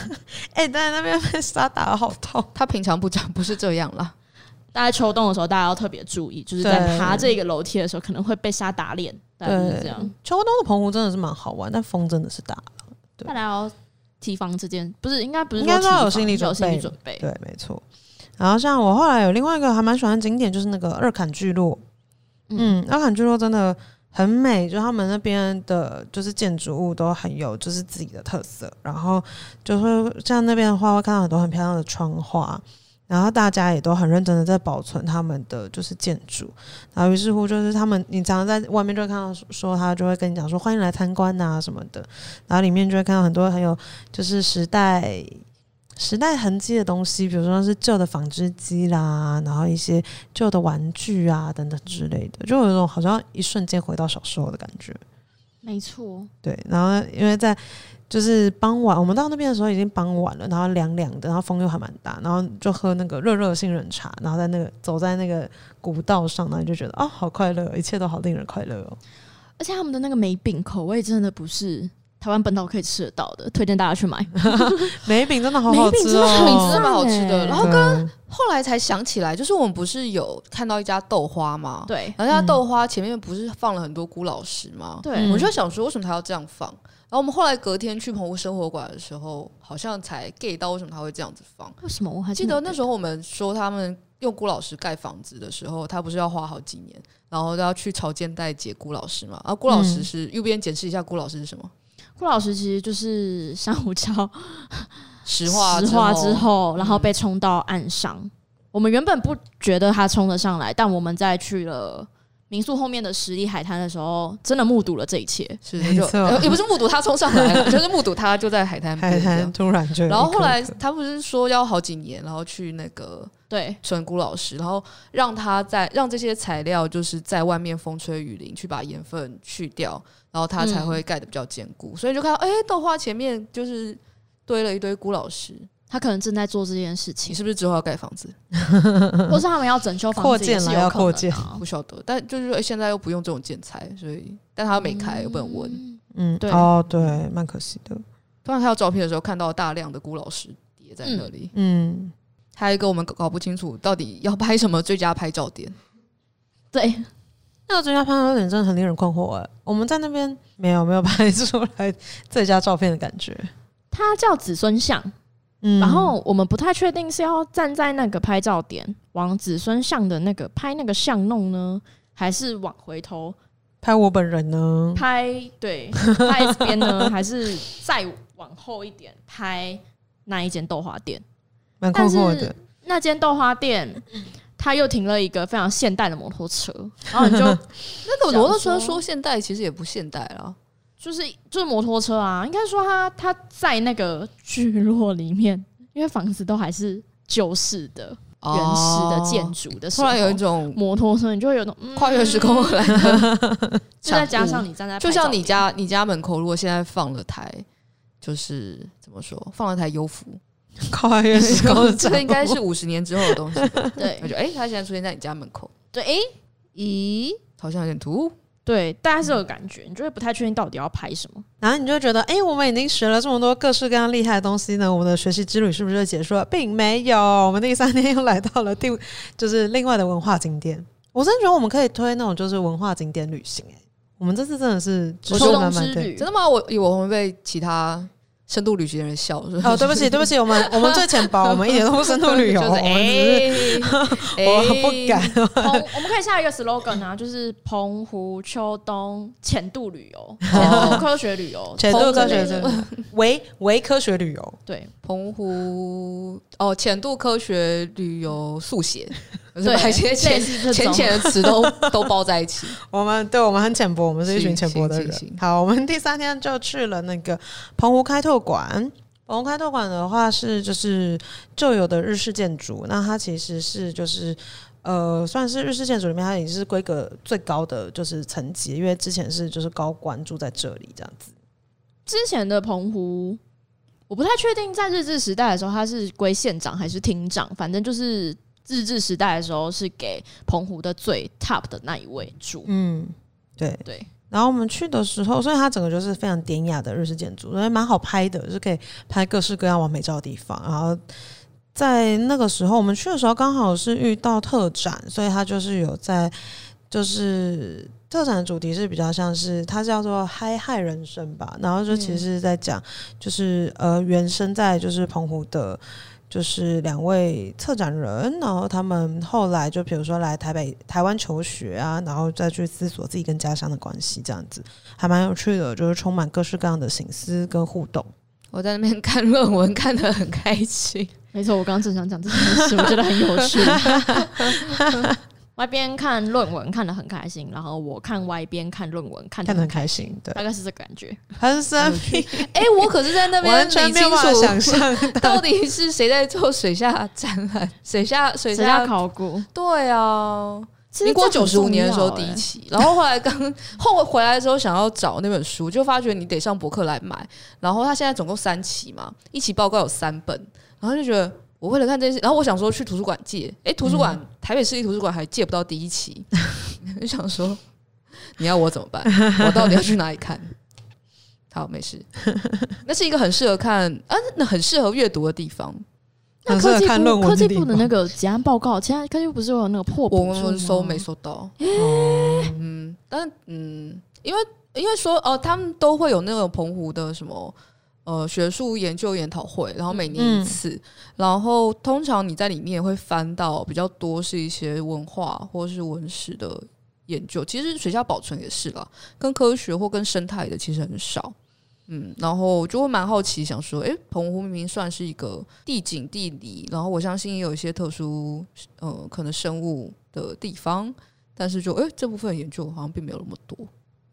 哎、 欸，但是那邊被沙打得好痛！他平常不講，不是這樣啦。大家秋冬的時候，大家要特別注意，就是在爬這個樓梯的時候，可能會被沙打臉。大概是這樣。秋冬的澎湖真的是蠻好玩，但風真的是大了。對。大家要提防之間，不是應該不是應該要有心理準備。有心理準備，對，沒錯。然後像我後來有另外一個還蠻喜歡的景點，就是那個二崁聚落。嗯，嗯二崁聚落真的。很美，就他們那邊的，就是建築物都很有，就是自己的特色。然後就會像那邊的話，會看到很多很漂亮的窗花。然後大家也都很認真的在保存他們的就是建築。然後於是乎，就是他們，你常常在外面就會看到說他就會跟你講說歡迎來參觀啊什麼的。然後裡面就會看到很多很有就是時代。時代痕跡的東西，比如說是舊的紡織機啦，然後一些舊的玩具啊等等之類的，就有一種好像一瞬間回到小時候的感覺。沒錯，對。然後因為在就是傍晚，我們到那邊的時候已經傍晚了，然後涼涼的，然後風又還蠻大，然後就喝那個熱熱的杏仁茶，然後在那個走在那個古道上，然後就覺得哦，好快樂哦，一切都好令人快樂哦。而且他們的那個梅餅口味真的不是。台灣本島可以吃得到的，推薦大家去買。梅 餅 真的好好吃哦、喔，梅餅真的蠻好吃的。然後跟後來才想起來，就是我們不是有看到一家豆花嗎？對，然後那家豆花前面不是放了很多咕咾石嗎？對，嗯、我們就在想說為什麼他要這樣放。然後我們後來隔天去澎湖生活館的時候，好像才 get 到為什麼他會這樣子放。為什麼我還記得那時候我們說他們用咕咾石蓋房子的時候，他不是要花好幾年，然後要去潮間帶解咕咾石嗎？然後咕咾石是、嗯、右邊解釋一下咕咾石是什麼。咕咾石其實就是珊瑚礁，石化之後，之後嗯、然後被沖到岸上。我們原本不覺得他沖得上來，但我們在去了民宿後面的時裡海灘的時候，真的目睹了這一切。是就沒錯、欸，也不是目睹他沖上來了， 就是目睹他就在海灘海灘突然一刻一刻然後後來他不是說要好幾年，然後去那個。對，純咕咾石，然後讓他在讓這些材料就是在外面風吹雨淋，去把鹽分去掉，然後它才會蓋得比較堅固、嗯。所以就看到，哎，豆花前面就是堆了一堆咕咾石，他可能正在做這件事情。你是不是之後要蓋房子？ 或是他們要整修房子？擴建了，要擴建？不曉得。但就是說現在又不用這種建材，所以但他又沒開，又不能問。嗯，對哦，對，蠻可惜的。突然看到照片的時候，看到大量的咕咾石疊在那裡。嗯。嗯還有一個，我們搞搞不清楚到底要拍什麼最佳拍照點。對，那個最佳拍照點真的很令人困惑哎。我們在那邊沒有沒有拍出來最佳照片的感覺。它叫子孫像，嗯，然後我們不太確定是要站在那個拍照點往子孫像的那個拍那個巷弄呢，還是往回頭拍我本人呢？拍對拍這邊呢，還是再往後一點拍那一間豆花店？扣扣的，但是那間豆花店，他又停了一個非常現代的摩托車，然後你就那個摩托車說現代其實也不現代了，就是就是摩托車啊，應該說他他在那個聚落裡面，因為房子都還是舊式的、原始的建築的時候。突然有一種摩托車，你就會有種跨越時空回來的，再加上你站在就像你家你家門口，如果現在放了台就是怎麼說，放了台幽浮。跨越時空，這 個應該是五十年之後的東西。 對， 我覺得誒，它、欸、現在出現在你家門口，對，誒、欸、咦，好像有點突兀。對，大家是有感覺、嗯，你就會不太確定到底要拍什麼。然後你就會覺得，哎、欸，我們已經學了這麼多各式各樣厲害的東西呢，我們的學習之旅是不是就結束了？並沒有，我們第三天又來到了第五，就是另外的文化景點。我真的覺得我們可以推那種就是文化景點旅行、欸。誒，我們這次真的是。我窮之旅，滿滿的之旅真的嗎？我以為我們被其他？深度旅行的人笑說：“哦，對不起，對不起，我們我們最淺薄， 我們一點都不深度旅遊，就是欸欸，我很不敢。嗯， 我們可以下一個 slogan 啊，就是澎湖秋冬淺度旅遊，淺、哦、度科學旅遊，淺度科學旅，為為科學旅遊，對，澎湖哦，淺度科學旅遊速寫。哦”對，一些淺淺的詞都都包在一起。 我們對我們很淺薄，我們是一群淺薄的人。好，我們第三天就去了那個澎湖開拓館。澎湖開拓館的話是就是舊有的日式建築，那它其實是就是呃算是日式建築裡面它已經是規格最高的就是層級，因為之前是就是高官住在這裡這樣子。之前的澎湖，我不太確定在日治時代的時候它是歸縣長還是廳長，反正就是。日治時代的時候是給澎湖的最 top 的那一位住，嗯，對對。然後我們去的時候，所以它整個就是非常典雅的日式建築，所以蠻好拍的，就是可以拍各式各樣完美照的地方。然後在那個時候，我們去的時候剛好是遇到特展，所以它就是有在，就是特展的主題是比較像是它叫做“嗨嗨人生”吧，然後就其實是在講，就是、嗯、呃原生在就是澎湖的。就是兩位策展人，然後他們後來就比如說來台北、台灣求學啊，然後再去思索自己跟家鄉的關係，這樣子還蠻有趣的，就是充滿各式各樣的省思跟互動。我在那邊看論文，看得很開心。 沒錯，我剛剛正想講這件事，我覺得很有趣。 外邊看論文看得很開心，然後我看外邊看論文看得，看得很開心，對，大概是這個感覺。是神秘，哎、 就是欸，我可是在那邊，我 沒有辦法想象 到底是誰在做水下展覽、水下水下，水下考古。對啊，民國九十五年的時候第一期，欸、然後後來剛後回來的時候想要找那本書， 就發覺你得上博客來買。然後他現在總共三期嘛，一期報告有三本，然後就覺得。我為了看這些，然後我想說去圖書館借，哎、欸，圖書館、嗯、台北市立圖書館還借不到第一期，就、嗯、想說你要我怎麼辦？我到底要去哪裡看？好，沒事， 那是一個很適合看啊，那很適合閱讀的地方。那科技部看科技部的那個結案報告，前兩天科技部不是有那個破嗎，我們搜沒搜到？嗯，嗯但嗯，因為因為說哦、呃，他們都會有那個澎湖的什麼。呃，學術研究研討會，然後每年一次，嗯、然後通常你在裡面也會翻到比較多是一些文化或是文史的研究，其實水下保存也是了，跟科學或跟生態的其實很少，嗯，然後就會蠻好奇想說，哎、欸，澎湖明明算是一個地景地理，然後我相信也有一些特殊呃可能生物的地方，但是就哎、欸，這部分研究好像並沒有那麼多，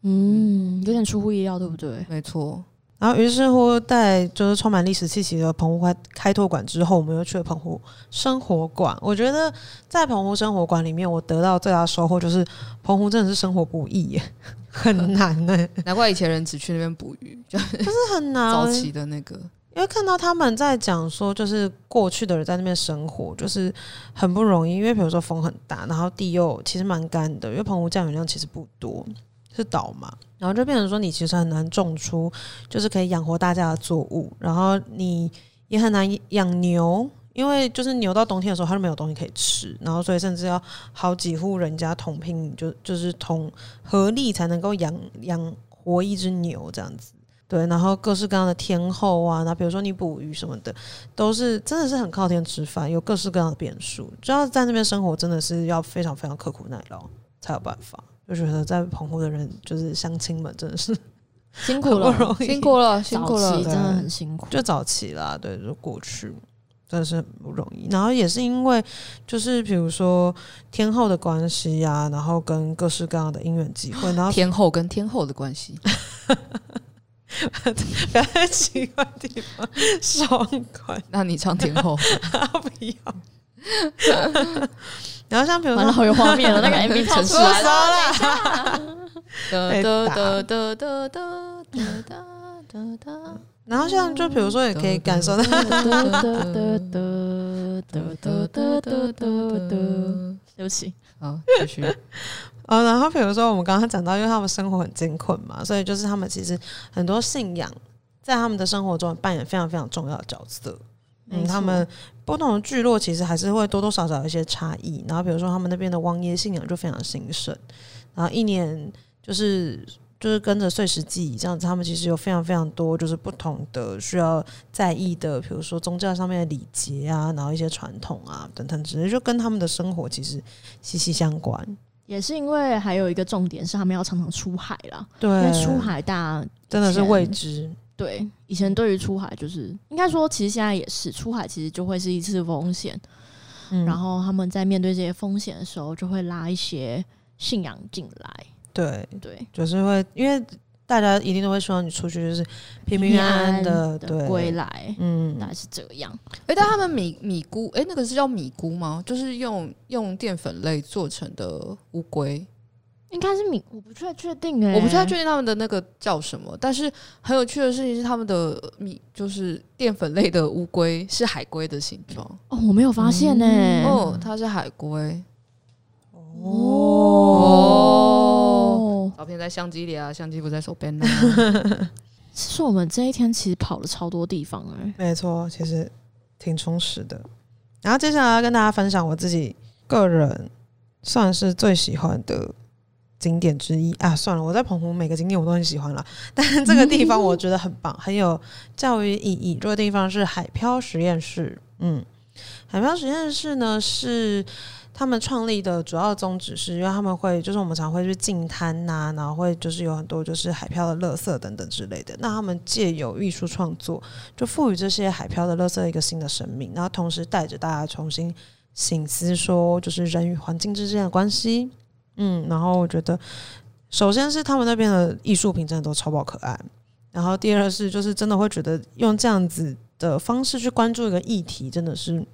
嗯，嗯有點出乎意料，對不對？嗯、沒錯。然後，於是乎，在就是充滿歷史氣息的澎湖開開拓館之後，我們又去了澎湖生活館。我覺得在澎湖生活館裡面，我得到最大的收穫就是，澎湖真的是生活不易耶，很難，哎，難怪以前人只去那邊捕魚，就， 就是很難。早期的那個，因為看到他們在講說，就是過去的人在那邊生活，就是很不容易，因為比如說風很大，然後地又其實蠻乾的，因為澎湖降雨量其實不多，是島嘛。然後就變成說，你其實很難種出就是可以養活大家的作物，然後你也很難養牛，因為就是牛到冬天的時候它是沒有東西可以吃，然後所以甚至要好幾戶人家同聘，就就是同合力才能夠養養活一隻牛這樣子。對，然後各式各樣的天候啊，那比如說你捕魚什麼的，都是真的是很靠天吃飯，有各式各樣的變數。只要在那邊生活，真的是要非常非常刻苦耐勞才有辦法。就覺得在澎湖的人，就是鄉親們，真的是辛苦了，不容易，辛苦了，辛苦了，真的很辛苦。就早期啦，對，就過去，真的是很不容易。然後也是因為，就是比如說天後的關係啊，然後跟各式各樣的因緣際會，然後天后跟天後的關係，不 要奇怪地方，爽快。那你唱天後， 啊、不要。 然後像比如說，完了好有畫面了， 那個 MV 跳出來了。 然後像就比如說，也可以感受到 休息啊，繼續啊。 然後比如說，我們剛剛講到，因為他們生活很艱困嘛，所以就是他們其實很多信仰在他們的生活中扮演非常非常重要的角色。嗯，他們不同的聚落其實還是會多多少少有一些差異。然後比如說他們那邊的王爺信仰就非常興盛，然後一年就是就是跟着歲時祭儀這樣子，他們其實有非常非常多就是不同的需要在意的，比如說宗教上面的禮節啊，然後一些傳統啊等等，之類就跟他們的生活其實息息相關。也是因為還有一個重點是他們要常常出海啦，對，因為出海大真的是未知。對，以前對於出海就是，應該說其實現在也是出海，其實就會是一次風險，嗯。然後他們在面對這些風險的時候，就會拉一些信仰進來。對對，就是會，因為大家一定都會希望你出去就是平平安安的歸來，對。嗯，大概是這樣。哎、欸，但他們米米龜，哎、欸，那個是叫米龜嗎？就是用用澱粉類做成的烏龜。應該是米，我不太確定哎、欸，我不太確定他們的那個叫什麼，但是很有趣的事情是他們的米就是澱粉類的烏龜是海龜的形狀哦，我沒有發現呢、欸嗯，哦，它是海龜、哦哦哦，哦，照片在相機裡啊，相機不在手邊呢、啊。其 實我們這一天其實跑了超多地方哎、欸，沒錯，其實挺充實的。然後接下來要跟大家分享我自己個人算是最喜歡的景點之一啊，算了，我在澎湖每個景點我都很喜歡了，但這個地方我覺得很棒、嗯，很有教育意義。這個地方是海漂實驗室，嗯，海漂實驗室呢是他們創立的主要宗旨是因為他們會就是我們常會去淨灘吶，然後會就是有很多就是海漂的垃圾等等之類的，那他們借由藝術創作就賦予這些海漂的垃圾一個新的生命，然後同時帶着大家重新省思說就是人與環境之間的關係。嗯，然後我覺得，首先是他們那邊的藝術品真的都超爆可愛。然後第二是，就是真的會覺得用這樣子的方式去關注一個議題，真的是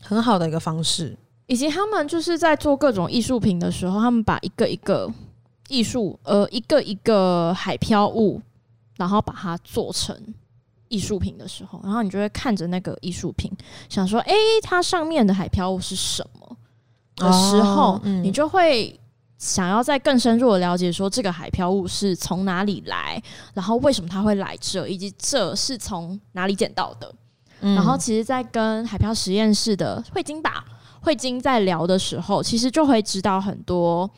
很好的一個方式。以及他們就是在做各種藝術品的時候，他們把一個一個藝術，呃，一個一個海漂物，然後把它做成藝術品的時候，然後你就會看着那個藝術品，想說，誒，它上面的海漂物是什麼的時候，哦，嗯，你就會。想要再更深入的了解，說這個海漂物是從哪裡來，然後為什麼它會來這，以及這是從哪裡撿到的。嗯。然後其實，在跟海漂實驗室的慧晶吧，慧晶在聊的時候，其實就會知道很多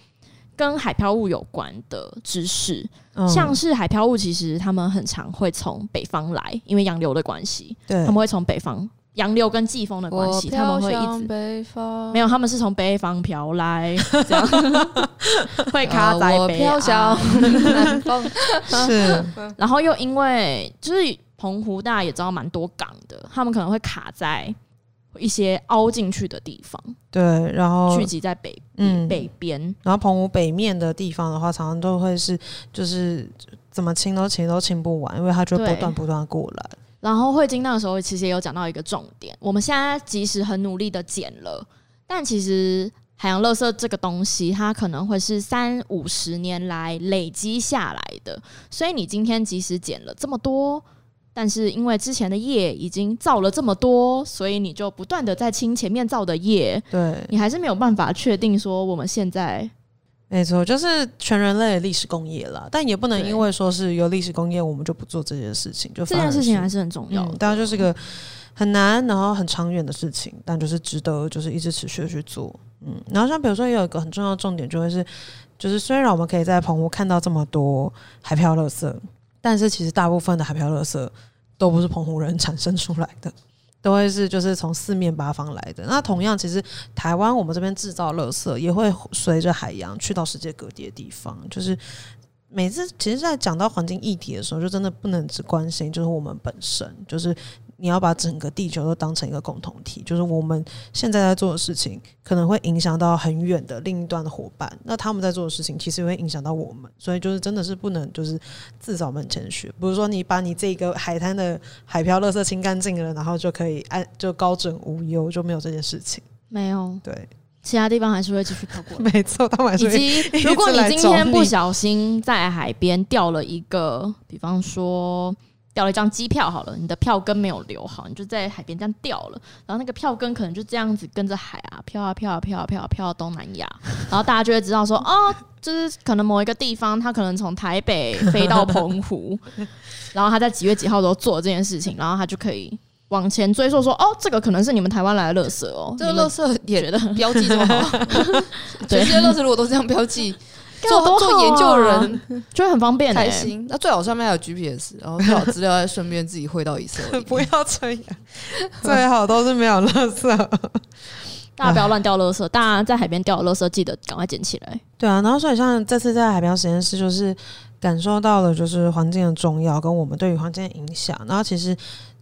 跟海漂物有關的知識，嗯。像是海漂物其實他們很常會從北方來，因為洋流的關係，他們會從北方。洋流跟季風的關係，北方他們會一直北方沒有，他們是從北方飄來，這樣 會卡在北岸。 是，然後又因為就是澎湖，大家也知道蠻多港的，他們可能會卡在一些凹進去的地方。對，然後聚集在北北邊、嗯，然後澎湖北面的地方的話，常常都會是就是怎麼清都清都清都清不完，因為它就會不斷不斷過來。然後匯金那個時候其實也有講到一個重點，我們現在即使很努力的撿了，但其實海洋垃圾這個東西它可能會是三五十年來累積下來的，所以你今天即使撿了這麼多，但是因為之前的業已經造了這麼多，所以你就不斷的在清前面造的業，對，你還是沒有辦法確定說我們現在。沒錯，就是全人類的歷史工業啦，但也不能因為說是有歷史工業，我們就不做這件事情。就這件事情還是很重要、嗯，但就是個很難，然後很長遠的事情，但就是值得，就是一直持續的去做。嗯，然後像比如說也有一個很重要的重點，就會是，就是雖然我們可以在澎湖看到這麼多海漂垃圾，但是其實大部分的海漂垃圾都不是澎湖人產生出來的。都會是就是從四面八方來的。那同樣，其實台灣我們這邊製造垃圾也會隨着海洋去到世界各地的地方。就是每次其實，在講到環境議題的時候，就真的不能只關心就是我們本身，就是。你要把整個地球都當成一個共同體，就是我們現在在做的事情，可能會影響到很遠的另一端的夥伴。那他們在做的事情，其實也會影響到我們。所以就是真的是不能就是自掃門前雪。比如說你把你這個海灘的海漂垃圾清乾淨了，然後就可以安就高枕無憂，就沒有這件事情。沒有對，其他地方還是會繼續漂過來。 沒錯，當然會。以及如果你今天不小心在海邊掉了一個，比方說。掉了一張機票好了，你的票根沒有留好，你就在海邊這樣掉了，然後那個票根可能就這樣子跟着海啊飄啊飄啊飄啊飄，飄到、啊、東南亞，然後大家就會知道說，哦，就是可能某一個地方，他可能從台北飛到澎湖， 然後他在幾月幾號都做了這件事情，然後他就可以往前追溯說，哦，這個可能是你們台灣來的垃圾哦，這個垃圾也覺得很標記就好，所以這些垃圾如果都這樣標記。做做研究人、啊、就會很方便、欸，開心。那最好上面還有 GPS，然後找資料，再順便自己匯到以色列。 不要這樣，最好都是沒有垃圾。 大家不要亂丟垃圾，大家在海邊丟垃圾記得趕快撿起來。對啊，然後所以像這次在海邊實驗室就是。感受到了就是環境的重要跟我們對於環境的影響，然後其實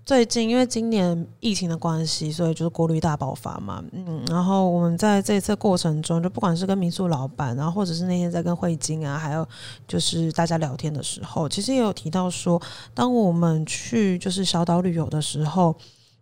最近因為今年疫情的關係，所以就是國旅大爆發嘛，嗯，然後我們在這一次過程中，就不管是跟民宿老闆，然後或者是那天在跟匯金啊，還有就是大家聊天的時候，其實也有提到說，當我們去就是小島旅遊的時候，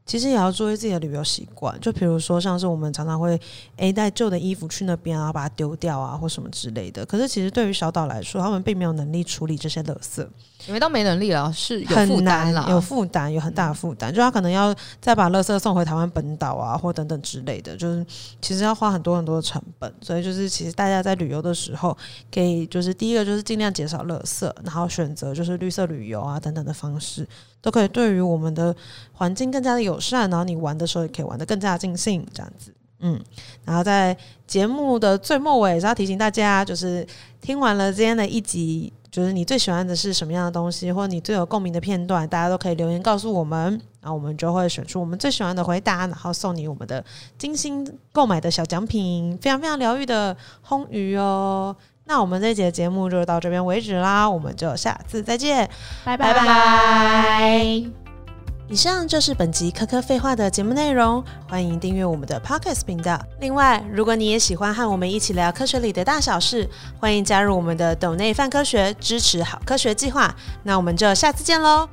其實也要注意自己的旅遊習慣，就比如說像是我們常常會誒帶舊的衣服去那邊啊，把它丟掉啊，或什麼之類的。可是其實對於小島來說，他們並沒有能力處理這些垃圾，因為當沒能力了，是有負擔了，有負擔，有很大的負擔，嗯，就他可能要再把垃圾送回台灣本島啊，或等等之類的，就是其實要花很多很多的成本。所以就是其實大家在旅遊的時候，可以就是第一個就是盡量減少垃圾，然後選擇就是綠色旅遊啊等等的方式。都可以對於我們的環境更加的友善，然後你玩的時候也可以玩得更加盡興，這樣子，嗯，然後在節目的最末尾也是要提醒大家，就是聽完了今天的一集，就是你最喜歡的是什麼樣的東西，或者你最有共鳴的片段，大家都可以留言告訴我們，然後我們就會選出我們最喜歡的回答，然後送你我們的精心購買的小獎品，非常非常療癒的烘魚哦。那我們這節的節目就到這邊為止啦，我們就下次再見，拜拜。以上就是本集科科廢話的節目內容，歡迎訂閱我們的 Podcast 頻道。另外，如果你也喜歡和我們一起聊科學裡的大小事，歡迎加入我們的“抖內泛科學”支持好科學計劃。那我們就下次見嘍！